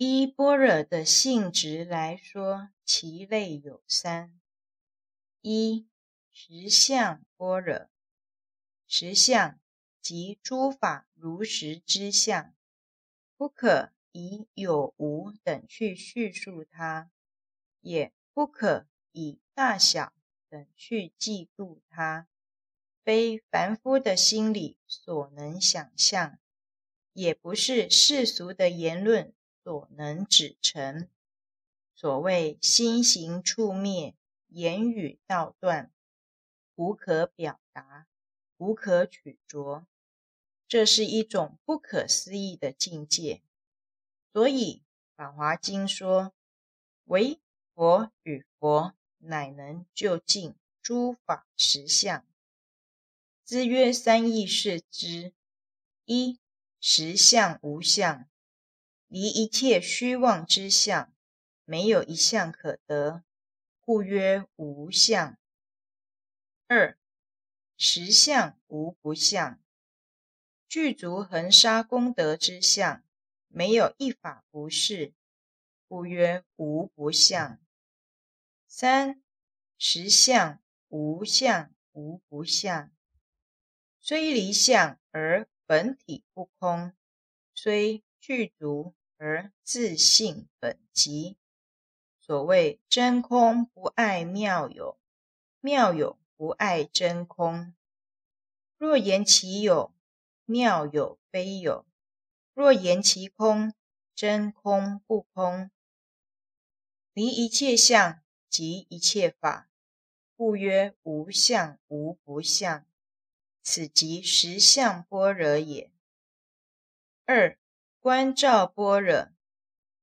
依般若的性質來說，其類有三：一實相般若，實相即諸法如實之相，不可以有無等去敘述它，也不可以大小等去計度它，非凡夫的心理所能想象，也不是世俗的言論。所能指成，所謂心行處滅，言語道斷，無可表達，無可取着，這是一種不可思議的境界。所以《法華經》說：“唯佛與佛乃能究盡諸法實相。自曰之”茲約三義釋之：一、，實相無相。離一切虛妄之相，沒有一相可得，故曰無相。二、實相無不相，具足恆沙功德之相，沒有一法不是，故曰無不相。三、實相無相無不相，雖離相而本體不空，雖具足。而自性本寂，所謂真空不愛妙有，妙有不愛真空。若言其有，妙有非有；若言其空，真空不空。離一切相，即一切法。故曰無相無不相，此即實相般若也。二。觀照般若，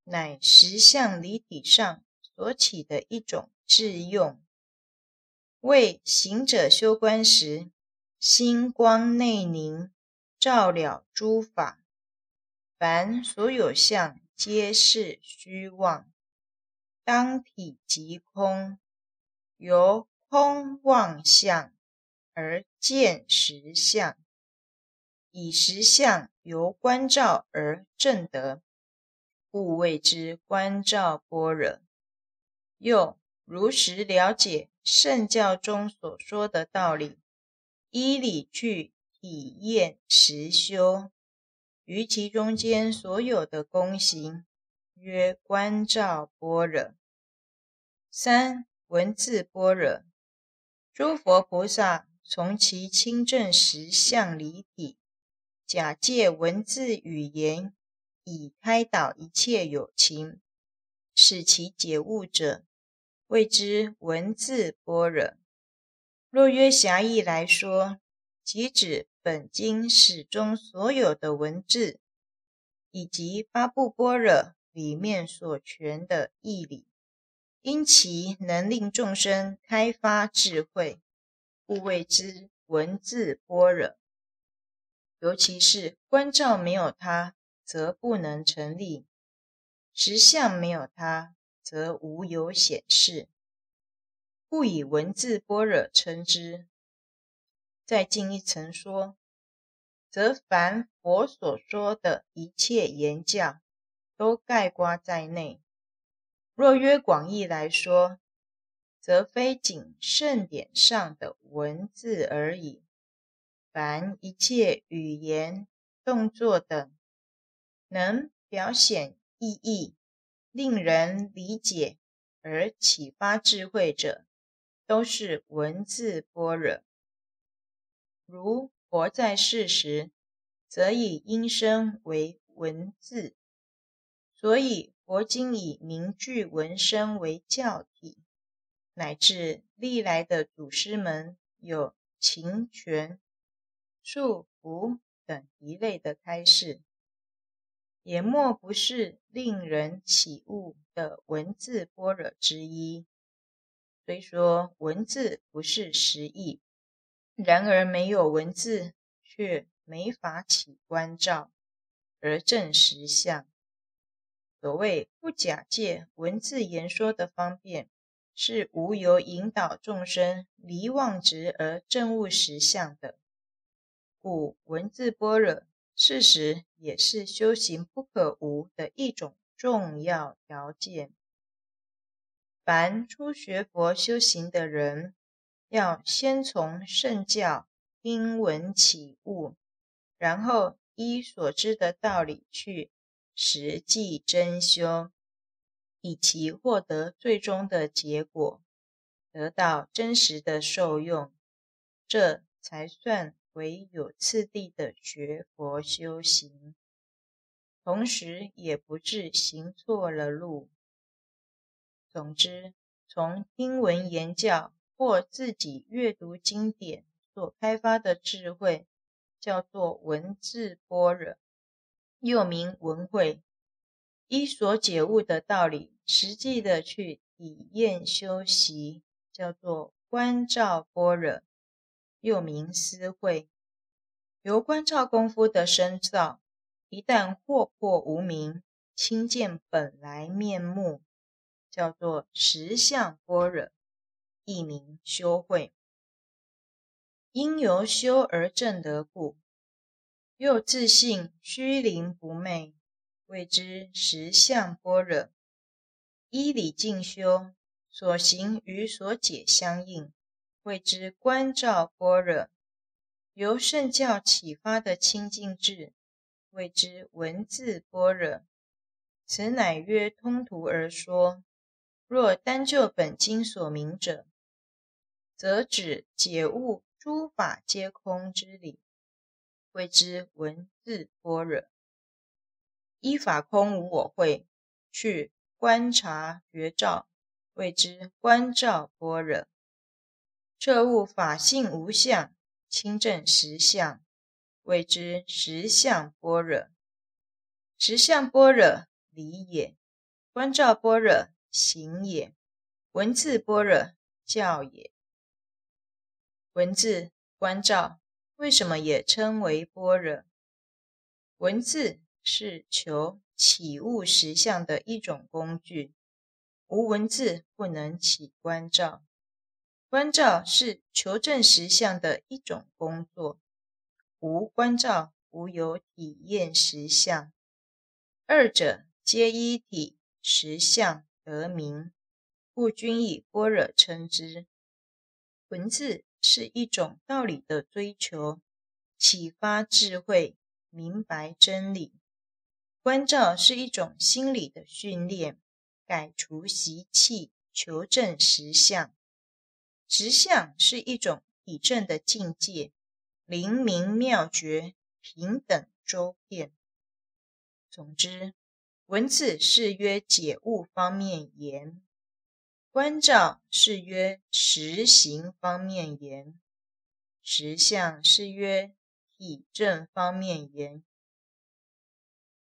乃實相理體上所起的一種智用，為行者修觀時，心光內凝，照了諸法，凡所有相皆是虛妄，當體即空，由空妄相而見實相，以實相。由觀照而證得，故謂之觀照般若。又如實了解聖教中所說的道理，依理去體驗實修，於其中間所有的功行，曰觀照般若。三文字般若，諸佛菩薩從其清淨實相離體。假借文字語言以開導一切有情，使其解悟者，謂之文字般若。若約狹義來說，即指本經始終所有的文字，以及八部般若裡面所詮的義理，因其能令眾生開發智慧，故謂之文字般若。尤其是觀照沒有它，則不能成立；實相沒有它，則無有顯示。不以文字般若稱之。再進一層說，則凡佛所說的一切言教，都概括在內。若約廣義來說，則非僅聖典上的文字而已。凡一切語言、動作等，能表顯意義、令人理解而啟發智慧者，都是文字般若。如佛在世時，則以音聲為文字，所以佛經以名句文身為教體，乃至歷來的祖師們有情權束縛等一類的開示，也莫不是令人起悟的文字般若之一。雖說文字不是實義，然而沒有文字卻沒法起觀照而證實相。所謂不假借文字言說的方便，是無由引導眾生離妄執而證悟實相的。五文字般若，事實也是修行不可無的一種重要條件。凡初學佛修行的人，要先從聖教因聞起悟，然後依所知的道理去實際真修，以其獲得最終的結果，得到真實的受用，這才算。唯有次第的學佛修行，同時也不致行錯了路。總之，從聽聞言教或自己閱讀經典所開發的智慧，叫做文字般若，又名文慧；依所解悟的道理，實際的去體驗修習，叫做觀照般若。又名思慧，由觀照功夫的深造，一旦惑破無明，親見本來面目，叫做實相般若，亦名修慧。因由修而正得故，又自信虛靈不昧，謂之實相般若。依理敬修，所行與所解相應。謂之觀照般若，由聖教啟發的清淨智，謂之文字般若。此乃約通途而說。若單就本經所明者，則指解悟諸法皆空之理，謂之文字般若。依法空無我慧，去觀察覺照，謂之觀照般若。徹悟法性無相，親證實相，謂之實相般若。實相般若理也，觀照般若行也，文字般若教也。文字觀照為什麼也稱為般若？文字是求起悟實相的一種工具，無文字不能起觀照。觀照是求證實相的一種工作，無觀照無有體驗實相，二者皆一體實相得名，故均以般若稱之。文字是一種道理的追求，啟發智慧，明白真理；觀照是一種心理的訓練，改除習氣，求證實相。實相是一種體證的境界，靈明妙覺，平等周遍。總之，文字是約解悟方面言，觀照是約實行方面言，實相是約體證方面言。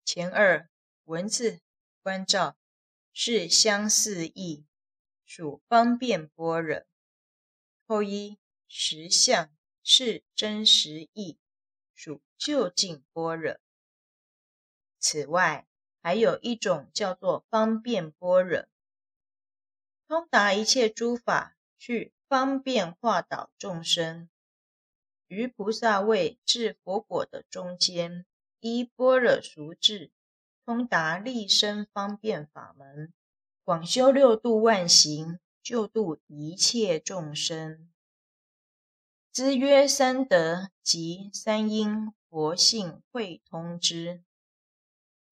前二文字、觀照是相似義，屬方便般若。後一實相是真實義，屬究竟般若。此外，還有一種叫做方便般若，通達一切諸法，去方便化導眾生。於菩薩位至佛果的中間，依般若俗智，通達利生方便法門，廣修六度萬行。就度一切眾生，之曰三德及三因佛性會通之。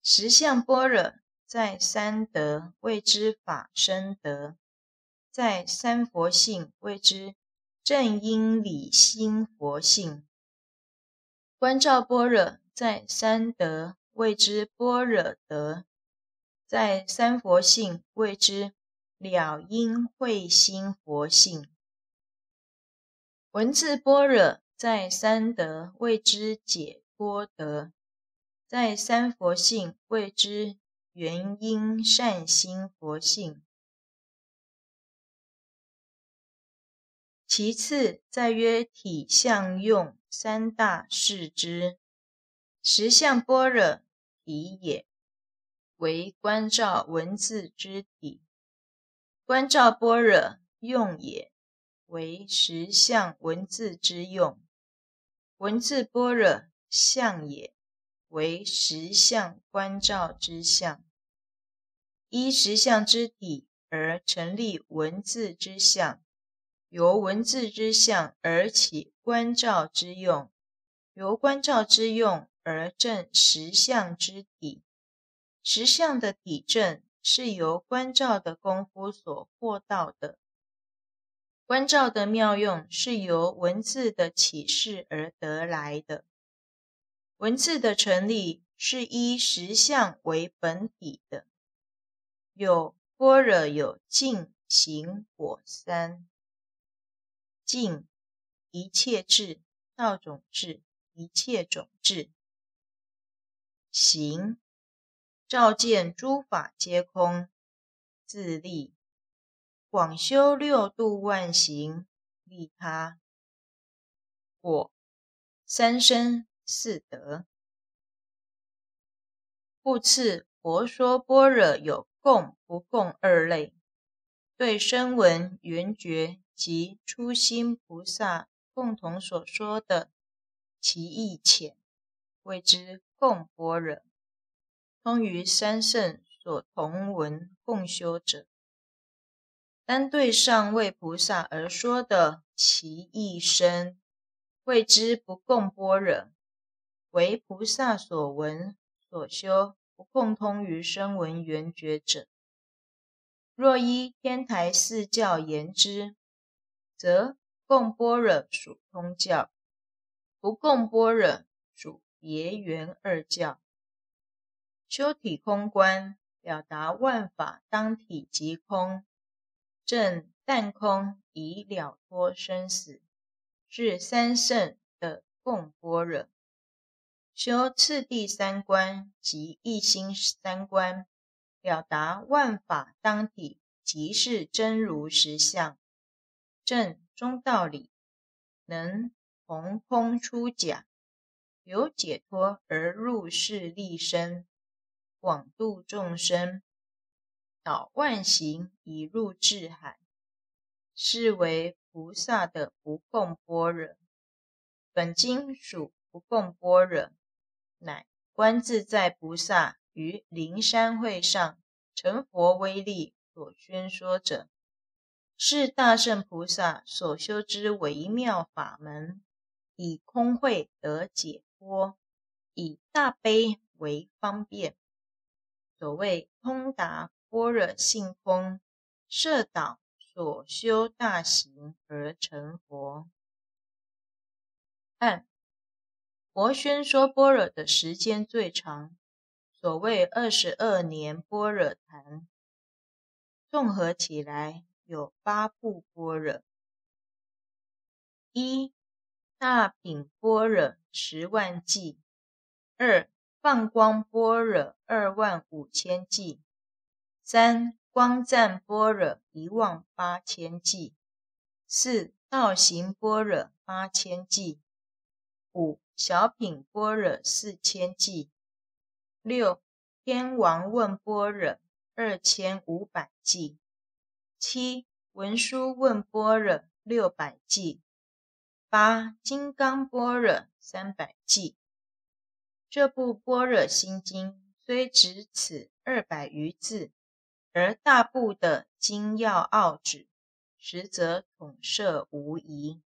實相般若，在三德謂之法身德，在三佛性謂之正因理心佛性。觀照般若，在三德謂之般若德，在三佛性謂之。了因慧心佛性，文字般若，在三德謂之解脫德，在三佛性謂之緣因善心佛性。其次，在約體相用三大四之實相般若體也，為觀照文字之體。觀照般若用也，為實相文字之用；文字般若相也，為實相觀照之相。依實相之體而成立文字之相，由文字之相而起觀照之用，由觀照之用而證實相之體。實相的體證。是由觀照的功夫所獲到的，觀照的妙用是由文字的啟示而得來的，文字的成立是依實相為本體的。有般若，有境行果三，境一切智道種智，一切種智行。照見諸法皆空，自利；廣修六度萬行，利他。果三身四德，故次佛說般若有共不共二類。對聲聞、緣覺及初心菩薩共同所說的，其義淺，謂之共般若。通於三乘所同聞共修者，單對上位菩薩而說的其一生謂之不共般若，為菩薩所聞所修不共通於聲聞緣覺者。若依天台四教言之，則共般若屬通教，不共般若屬別圓二教。修體空觀，表達萬法當體即空，正但空以了脫生死，是三聖的共般若。修次第三觀及一心三觀，表達萬法當體即是真如實相，正中道理，能從空出假，有解脫而入世立身。廣度眾生，導萬行以入智海，是為菩薩的不共般若。本經屬不共般若，乃觀自在菩薩於靈山會上成佛威力所宣說者，是大聖菩薩所修之微妙法門，以空慧得解脫，以大悲為方便。所謂通達般若性空，攝導所修大行而成佛。二、佛宣說般若的時間最長。所謂二十二年般若談，綜合起來有八部般若。一、大品般若十萬偈；二、放光般若二萬五千偈。三、光讚般若一萬八千偈。四、道行般若八千偈。五、小品般若四千偈。六、天王問般若二千五百偈。七、文殊問般若六百偈。八、金剛般若三百偈。這部《般若心經》雖只此二百餘字，而大部的精要奧旨，實則統攝無遺。